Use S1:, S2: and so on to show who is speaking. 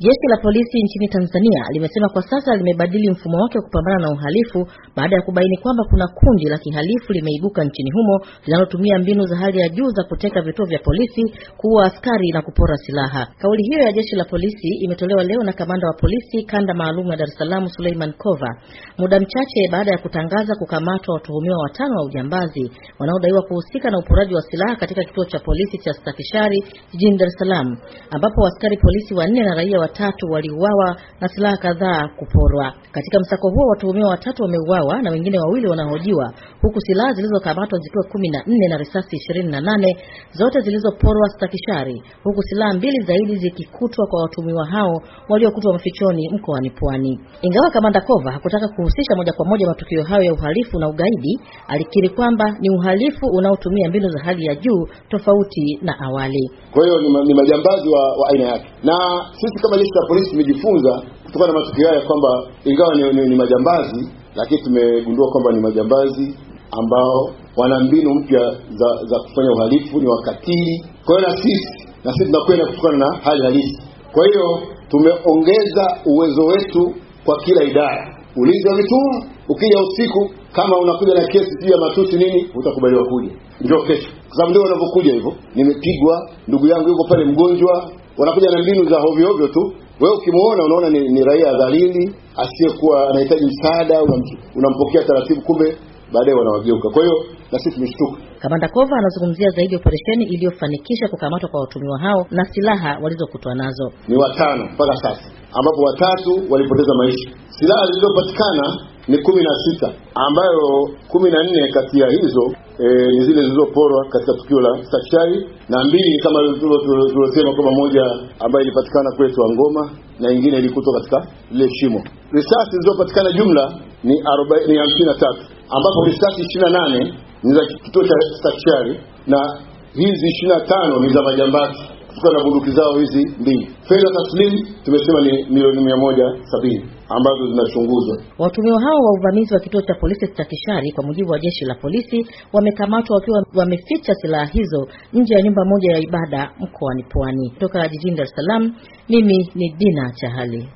S1: Jeshi la polisi nchini Tanzania limesema kwa sasa limebadili mfumo wake wa kupambana na uhalifu baada ya kubaini kwamba kuna kundi la kihalifu limeibuka nchini humo linalotumia mbinu za hali ya juu za kuteka vituo vya polisi, kuua askari na kupora silaha. Kauli hiyo ya jeshi la polisi imetolewa leo na kamanda wa polisi kanda maalum ya Dar es Salaam, Suleiman Kova, muda mchache baada ya kutangaza kukamatwa watuhumiwa watano wa ujambazi wanaodaiwa kuhusika na uporaji wa silaha katika kituo cha polisi cha Stakishari jijini Dar es Salaam, ambapo askari polisi wanne na raia wa watatu waliuawa na silaha kadhaa kuporwa. Katika msako huo watuhumiwa watatu wameuawa na wengine wawili wanahojiwa, huku silaha zilizokamatwa zikiwa kumi na nne na risasi ishirini na nane zote zilizoporwa Stakishari, huku silaha mbili zaidi zikikutwa kwa watuhumiwa hao waliokutwa mafichoni mkoani Pwani. Ingawa kamanda Kova hakutaka kuhusisha moja kwa moja matukio hayo ya uhalifu na ugaidi, alikiri kwamba ni uhalifu unaotumia mbinu za hali ya juu tofauti na awali.
S2: Kwa hiyo ni, ni majambazi wa, wa aina yake na sisi kama kama jeshi la polisi tumejifunza kutokana na matukio haya kwamba ingawa ni, ni, ni majambazi lakini tumegundua kwamba ni majambazi ambao wana mbinu mpya za za kufanya uhalifu, ni wakatili. Kwa hiyo na sisi na sisi tunakwenda kutokana na hali halisi. Kwa hiyo tumeongeza uwezo wetu kwa kila idara. Ulinzi wa vituo, ukija usiku kama unakuja na kesi pia matusi nini, utakubaliwa kuja, njoo kesho, kwa sababu ndio wanavyokuja hivyo. Nimepigwa, ndugu yangu yuko pale mgonjwa, wanakuja na mbinu za hovyo hovyo tu. Wewe ukimuona unaona ni, ni raia dhalili asiyekuwa anahitaji msaada, unampokea taratibu, kumbe baadaye wanawageuka. Kwa hiyo na sisi tumeshtuka.
S1: Kamanda Kova anazungumzia zaidi operesheni iliyofanikisha kukamatwa kwa watumiwa hao na silaha walizokutwa nazo.
S2: Ni watano mpaka sasa, ambapo watatu walipoteza maisha. Silaha zilizopatikana ni kumi na sita ambayo kumi na nne kati ya hizo e, ni zile zilizoporwa katika tukio la Stashari na mbili kama tulivyosema kwamba moja ambayo ilipatikana wa ngoma na ingine ilikutwa katika lile shimo. Risasi zilizopatikana jumla ni hamsini na tatu ambapo risasi ishirini na nane ni za kituo cha Stachari na hizi ishirini na tano ni za majambazi kutokana na bunduki zao hizi mbili. Fedha taslimu tumesema ni milioni mia moja sabini ambazo zinachunguzwa.
S1: watumiwa hao wa uvamizi wa kituo cha polisi cha Kishari, kwa mujibu wa jeshi la polisi, wamekamatwa wakiwa wameficha silaha hizo nje ya nyumba moja ya ibada mkoani Pwani. Kutoka jijini Dar es Salaam, mimi ni Dina Chahali.